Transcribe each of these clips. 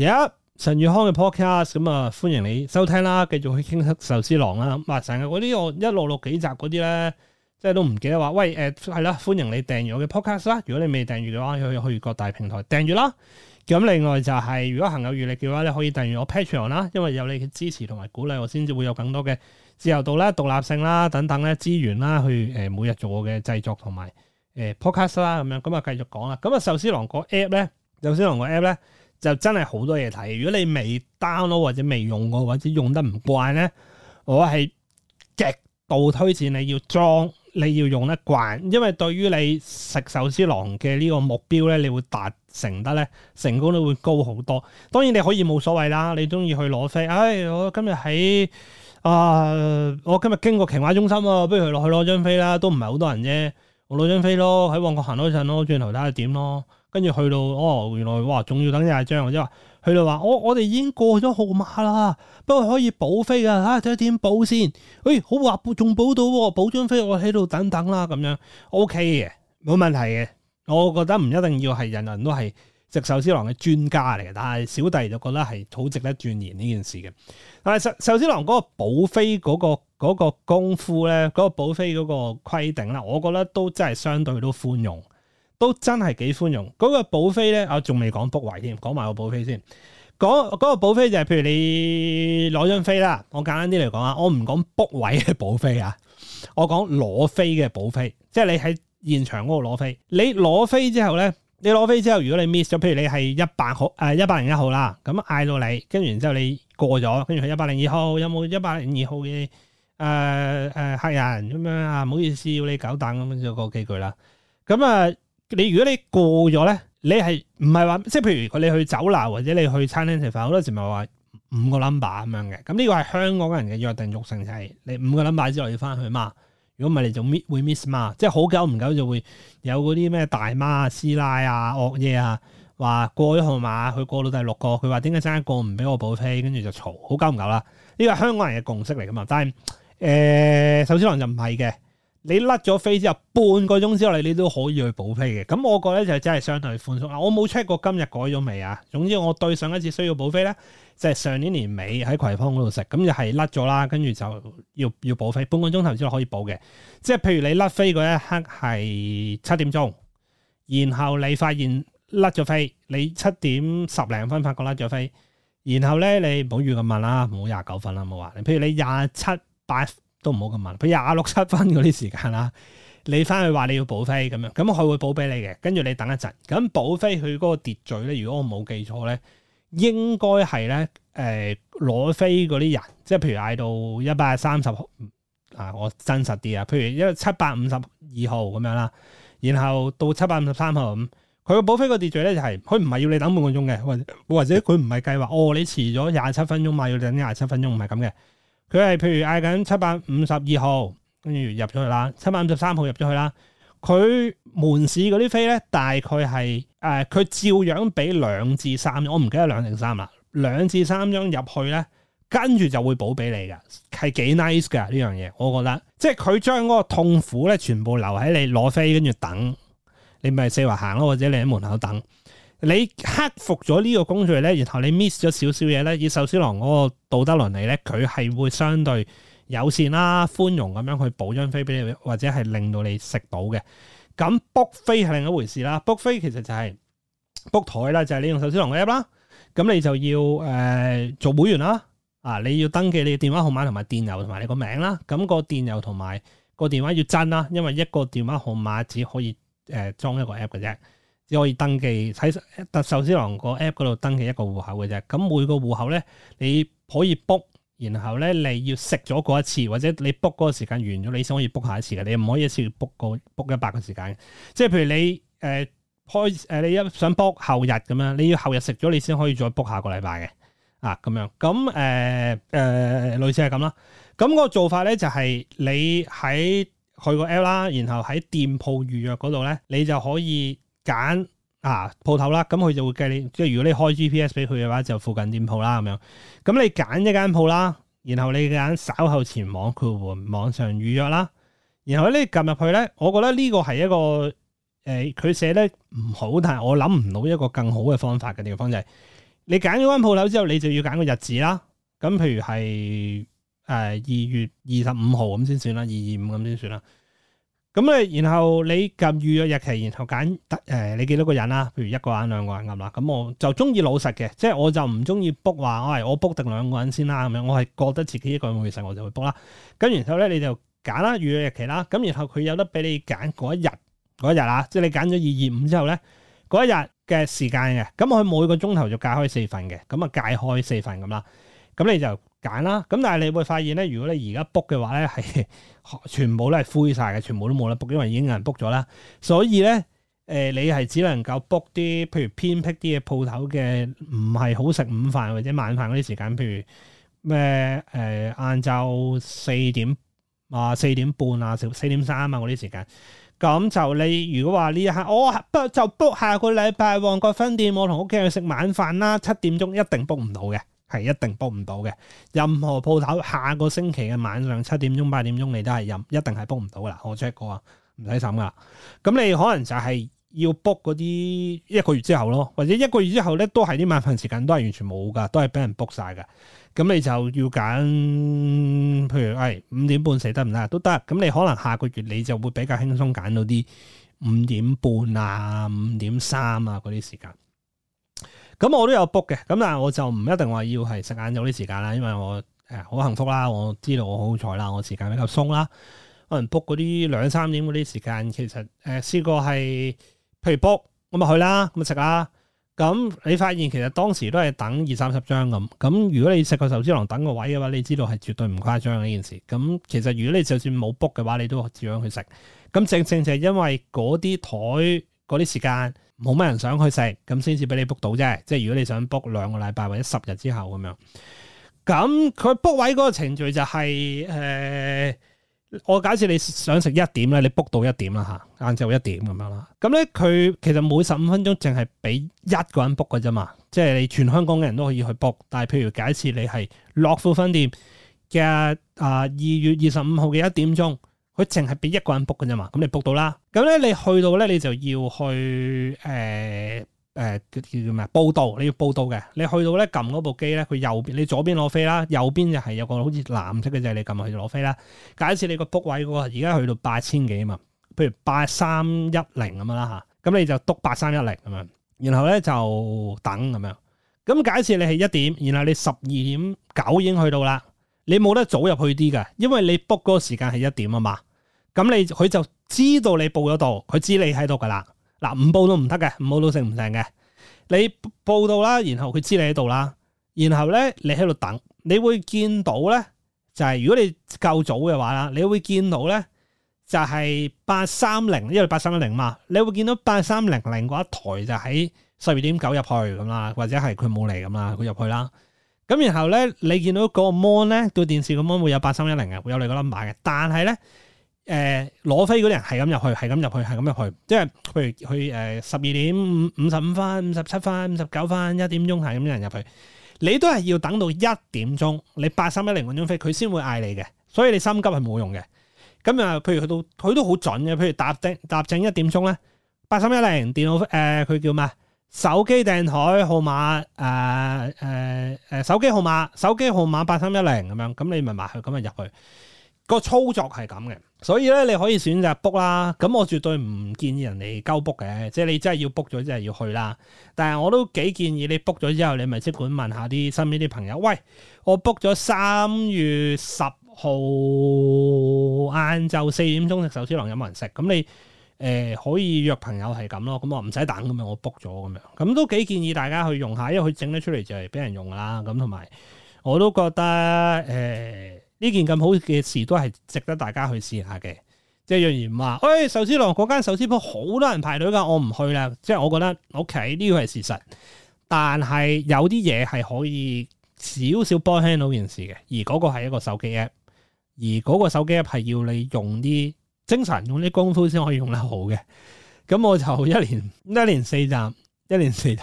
而家、yeah, 神宇康嘅 podcast，咁啊歡迎你收聽啦，繼續去傾黑壽司郎啦。咁啊成日嗰啲我一六六幾集嗰啲咧，即係都唔記得話喂誒係、呃、啦，歡迎你訂閱我嘅 podcast 啦。如果你未訂閱嘅話，去去各大平台訂閱啦。咁另外就係、是、如果行有餘力嘅話你可以訂閱我 patreon 啦，因為有你嘅支持同埋鼓勵，我先至會有更多嘅自由度啦、獨立性啦等等咧資源啦，去誒、呃、每日做我嘅製作同埋誒 podcast 啦咁樣。咁啊繼續講啦。咁啊壽司郎個 app 咧，壽司郎個 app 咧。就真係好多嘢睇。如果你未 download 或者未用過或者用得唔慣咧，我係極度推薦你要裝，你要用得慣，因為對於你食壽司郎嘅呢個目標咧，你會達成得咧，成功率會高好多。當然你可以冇所謂啦，你中意去攞飛。唉、哎，我今日喺啊，我今日經過瓊華中心啊，不如落去攞張飛啦，都唔係好多人啫，我攞張飛咯，喺旺角行多一陣咯，轉頭睇下點咯。跟住去到哦，原來哇，仲要等廿張，即係話去到話，哦、我我哋已經過咗號碼啦，不過可以補飛噶吓，睇下點補先。誒、哎，好話仲補到，補張飛，補飛我喺度等等啦，咁樣 O K 嘅，冇、okay，問題嘅。我覺得唔一定要係人人都係食壽司郎嘅專家嚟嘅，但係小弟就覺得係好值得鑽研呢件事嘅。但係壽壽司郎嗰個補飛嗰、那個嗰，那個、個功夫咧，嗰，那個補飛嗰個規定啦，我覺得都真係相對都寬容。都真係幾寬容，嗰、那個保飛咧，我仲未講 book 位添，講埋、那個保飛先。嗰個保飛就係、是，譬如你攞張飛啦，我簡單啲嚟講啊，我唔講 book 位嘅保飛啊，我講攞飛嘅保飛，即係你喺現場嗰度攞飛，你攞飛之後咧，你攞飛之後，如果你 miss 咗，譬如你係一百號誒一百零一號啦，咁嗌到你，跟住然之後你過咗，跟住係一百零二號，有冇一百零二號嘅誒誒客人咁樣啊？唔好意思，要你久等咁樣就講幾句啦。咁啊～、呃你如果你過咗咧，你係唔係話，即係譬如你去酒樓或者你去餐廳食飯，好多時咪話五個 number 咁樣嘅，咁呢個係香港人嘅約定俗成，就係你五個 number 之後要翻去嘛。如果唔係你就 miss 會 miss 嘛，即係好久唔久就會有嗰啲咩大媽啊、師奶啊、惡嘢啊，話過咗號碼，佢過到第六個，佢話點解爭一個唔俾我補飛，跟住就嘈。好久唔久啦，呢個係香港人嘅共識嚟噶嘛。但係誒、呃，壽司郎就唔係嘅。你甩咗飛之後半個鐘之後你都可以去補飛嘅。咁我覺得就真係相對寬鬆。我冇 check 過今日改咗未啊。總之我對上一次需要補飛咧，就係上年年尾喺葵芳嗰度食，咁就係甩咗啦。跟住就要要補飛，半個鐘頭之後可以補嘅。即係譬如你甩飛嗰一刻係七點鐘，然後你發現甩咗飛，你七點十零分發覺甩咗飛，然後咧你唔好預咁問啦，唔好廿九分啦，冇話。你譬如你廿七八。都唔好咁問，佢廿六七分嗰啲時間啦，你翻去話你要補飛咁樣，咁佢會補俾你嘅。跟住你等一陣，咁補飛佢嗰個秩序咧，如果我冇記錯咧，應該係咧，誒、呃、攞飛嗰啲人，即係譬如嗌到一百三十號啊，我真實啲啊，譬如一七百五十二號咁樣啦，然後到七百五十三號樣，佢個補飛個秩序咧就係、是，佢唔係要你等半個鐘嘅，或或者佢唔係計劃， 哦你遲咗廿七分鐘嘛，要等廿七分鐘，唔係咁嘅。佢係譬如嗌緊七百五十二號，跟住入咗去啦，七百五十三號入咗去啦。佢門市嗰啲飛咧，大概係誒，佢照樣俾兩至三張，我唔記得兩定三啦。兩至三張入去咧，跟住就會補俾你㗎。係幾 nice 噶呢樣嘢。我覺得，即係佢將嗰個痛苦咧，全部留喺你攞飛，跟住等你咪四圍行咯，或者你喺門口等。你克服咗呢個工序咧，然後你 miss 咗少少嘢咧，以壽司郎嗰個道德倫理咧，佢係會相對友善啦、寬容咁樣去補張飛俾你，或者係令到你食到嘅。咁 book 飛係另一回事啦，book 飛其實就係、是、book 台啦，就係你用壽司郎嘅 app 啦。咁你就要誒、呃、做會員啦，啊你要登記你嘅電話號碼同埋電郵同埋你個名啦。咁個電郵同埋個電話要真啦，因為一個電話號碼只可以誒裝、呃、一個 app 嘅啫。你可以登記喺特壽司郎個 app 嗰度登記一個戶口嘅啫。咁每個戶口咧，你可以 book，然後咧你要食咗嗰一次，或者你 book 嗰個時間完咗，你先可以 book 下一次嘅。你唔可以一次要 book 個 book 一百個時間嘅。即係譬如你誒開誒你一想 book 後日咁樣，你要後日食咗，你先可以再 book 下個禮拜嘅啊咁樣。咁誒誒類似係咁啦。咁個做法咧就係、是、你喺去個 app 啦，然後喺店鋪預約嗰度咧，你就可以。揀啊鋪頭啦，咁佢就會計你。即係如果你開 GPS 俾佢嘅話，就附近店鋪啦咁樣。咁你揀一間鋪啦，然後你揀稍後前往佢換網上預約啦。然後你撳入去咧，我覺得呢個係一個誒，佢、呃、寫得唔好，但係我諗唔到一個更好嘅方法嘅地方就係，你揀咗間鋪頭之後，你就要揀個日子啦。咁譬如係誒二月二十五號咁先算啦，二二五咁先算啦。咁咧，然後你撳預咗日期，然後揀得誒，你幾多個人啦？譬如一個人、兩個人咁啦，咁我就中意老實嘅，即係我就唔中意 book 話，我係我 book 定兩個人先啦，咁樣我係覺得自己一個人會食，我就會 book 啦。咁然後咧，你就揀啦，預咗日期啦，咁然後佢有得俾你揀嗰一日，嗰一日啦，即係你揀咗二二五之後咧，嗰一日嘅時間嘅，咁我每個鐘頭就界開四份嘅，咁啊界開四份咁啦。咁你就揀啦。咁但係你會發現咧，如果你而家 book 嘅話咧，係全部都係灰晒嘅，全部都冇得 book，因為已經有人 book 咗啦。所以咧、呃，你係只能夠 book 啲譬如偏僻啲嘅鋪頭嘅，唔係好食午飯或者晚飯嗰啲時間，譬如咩誒晏晝四點啊、四點半啊、四點三啊嗰啲時間。咁就你如果話呢一刻，我不就 book 下個禮拜旺角分店，我同屋企人去食晚飯啦，七點鐘一定 book 唔到嘅。係一定 book 唔到嘅，任何鋪頭下個星期嘅晚上七點鐘八點鐘，你都係任一定係 book 唔到噶啦。我 check 過啊，唔使諗噶啦。咁你可能就係要 book 嗰啲一個月之後咯，或者一個月之後咧都係啲晚飯時間都係完全冇噶，都係俾人 book 晒噶。咁你就要揀，譬如誒五點半死得唔得都得。咁你可能下個月你就會比較輕鬆揀到啲五點半啊、五點三啊嗰啲時間。咁我都有 book 嘅，咁但係我就唔一定話要係食晏咗啲時間啦，因為我誒好幸福啦，我知道我好好彩啦，我時間比較鬆啦，可能 book 嗰啲兩三點嗰啲時間，其實誒、呃、試過係譬如 book，我咪去啦，咁食啦，咁你發現其實當時都係等二三十張咁，咁如果你食個壽司郎等個位嘅話，你知道係絕對唔誇張嘅呢件事。咁其實如果你就算冇 book 嘅話，你都照樣去食。咁正正就係因為嗰啲台嗰啲時間。冇乜人想去食，咁先至俾你 book 到啫。即係如果你想 book 兩個禮拜或者十日之後咁樣，咁佢 book 位嗰個程序就係、是、誒、呃，我假設你想食一點咧，你 book 到一點啦嚇，晏晝一點咁樣啦。咁咧佢其實每十五分鐘淨係俾一個人 book 嘅啫嘛，即係你全香港嘅人都可以去 book。但係譬如假設你係樂富分店嘅啊二月二十五號嘅一點鐘。佢淨係俾一個人 book 嘅啫嘛，咁你 book 到啦。咁咧、呃呃，你去到咧，你就要去誒誒叫叫咩啊？報到，你要報到嘅。你去到咧，撳嗰部機咧，佢右邊，你左邊攞飛啦，右邊就係有個好似藍色嘅就係你撳去攞飛啦。假設你個 book 位嗰個而家去到八千幾啊嘛，譬如八三一零咁樣啦吓，咁你就督八三一零咁樣，然後咧就等咁樣。咁假設你係一點，然後你十二點九已經去到啦，你冇得早入去啲㗎，因為你 book 嗰個時間係一點啊嘛。咁你佢就知道你報咗度，佢知你喺度噶啦。嗱，唔報都唔得嘅，報到成唔成嘅？你報到啦，然後佢知你喺度啦，然後咧你喺度等，你會見到咧就係、是、如果你夠早嘅話啦，你會見到咧就係八三零，因為八三一零嘛，你會見到八三零零嗰一台就喺十二點九入去咁啦，或者係佢冇嚟咁啦，佢入去啦。咁然後咧你見到嗰個 mon 咧，對電視個 mon 會有八三一零嘅，會有你個 number 嘅，但係咧。誒，攞飛嗰啲人係咁入去，係咁入去，係咁入去，即係譬如佢誒十二點五十五分、五十七分、五十九分、一點鐘係咁樣人入去，你都係要等到一點鐘，你八三一零嗰種飛佢先會嗌你嘅，所以你心急係冇用嘅。咁又譬如去到佢都好準嘅，譬如，譬如搭正搭正一點鐘咧，八三一零電腦誒佢，呃、叫咩手機訂台號碼誒誒誒手機號碼，手機號碼八三一零咁樣，咁你咪埋去咁咪入去。個操作係咁嘅，所以咧你可以選擇 book 啦。咁我絕對唔建議人哋鳩 book 嘅，即係你真係要 book 咗，真係要去啦。但係我都幾建議你 book 咗之後，你咪即管問下啲身邊啲朋友。喂，我 book 咗三月十號晏晝四點鐘食壽司郎有冇人食？咁你、呃、可以約朋友係咁咯。咁我唔使等咁樣，我 book 咗咁樣，咁都幾建議大家去用下，因為佢整得出嚟就係俾人用啦。咁同埋我都覺得、呃呢件咁好嘅事都係值得大家去試下嘅，即係若然話，喂，壽司郎嗰間壽司鋪好多人排隊噶，我唔去啦。即係我覺得 OK，呢個係事實，但係有啲嘢係可以少少幫輕到件事嘅，而嗰個係一個手機 App，而嗰個手機 App 係要你用啲精神用啲功夫先可以用得好嘅。咁我就一連一連四集，一連四集，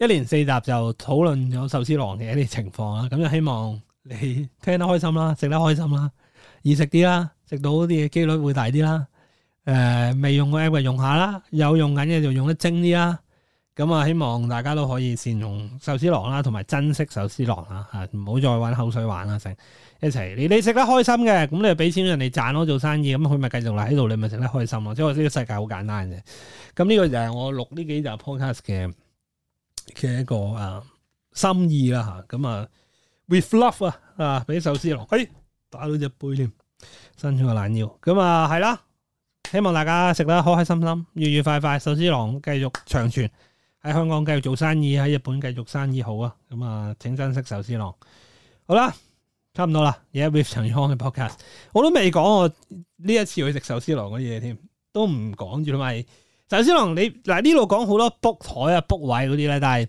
一連四集就討論咗壽司郎嘅一啲情況啦。咁就希望，你聽得開心啦，食得開心啦，易食啲啦，食到啲嘢機率會大啲啦。誒、呃，未用個 app 就用下啦，有用緊嘅就用得精啲啦。咁、嗯、啊，希望大家都可以善用壽司郎啦，同埋珍惜壽司郎啦，吓，唔好再玩口水玩啦，成一齊你你食得開心嘅，咁你就俾錢人哋賺咯，做生意咁佢咪繼續啦喺度，你咪食得開心咯。即係呢個世界好簡單嘅，咁、嗯、呢、這個就係我錄呢幾集 Podcast 嘅嘅一個、啊、心意啦吓，咁啊。With love 啊，啊，俾壽司郎，哎，打到隻杯添，伸咗個懶腰，咁啊，係啦，希望大家食得開開心心，愉愉快快，壽司郎繼續長存喺香港，繼續做生意，喺日本繼續生意好啊，咁啊，請珍惜壽司郎，好啦，差唔多啦，而、yeah, 家 With 陳宇康嘅 Podcast 我都未講我呢一次去食壽司郎嗰啲嘢添，都唔講住啦嘛，壽司郎你嗱呢度講好多 book 台啊 book 位嗰啲咧，但係。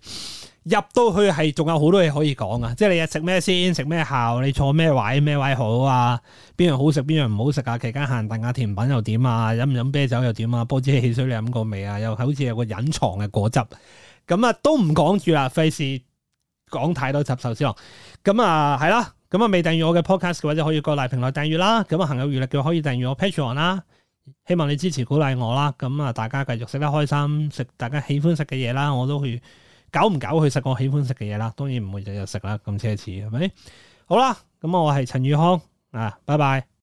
入到去係仲有好多嘢可以講啊！即係你日食咩先，食咩後，你坐咩位咩位好啊？邊樣好食，邊樣唔好食啊？期間限定下、啊、甜品又點啊？飲唔飲啤酒又點啊？波子汽水你飲過未啊？又好似有個隱藏嘅果汁，咁啊都唔講住啦，費事講太多集壽司郎。咁啊係啦，咁啊未訂閱我嘅 podcast 嘅話就可以過嚟評論訂閱啦。咁啊，行有餘力嘅可以訂閱我 Patreon 啦。希望你支持鼓勵我啦。咁啊，大家繼續食得開心，食大家喜歡食嘅嘢啦，我都去。搞唔搞去食我喜歡食嘅嘢啦，當然唔會日日食啦，咁奢侈係咪？好啦，咁我係陳宇康啊，拜拜。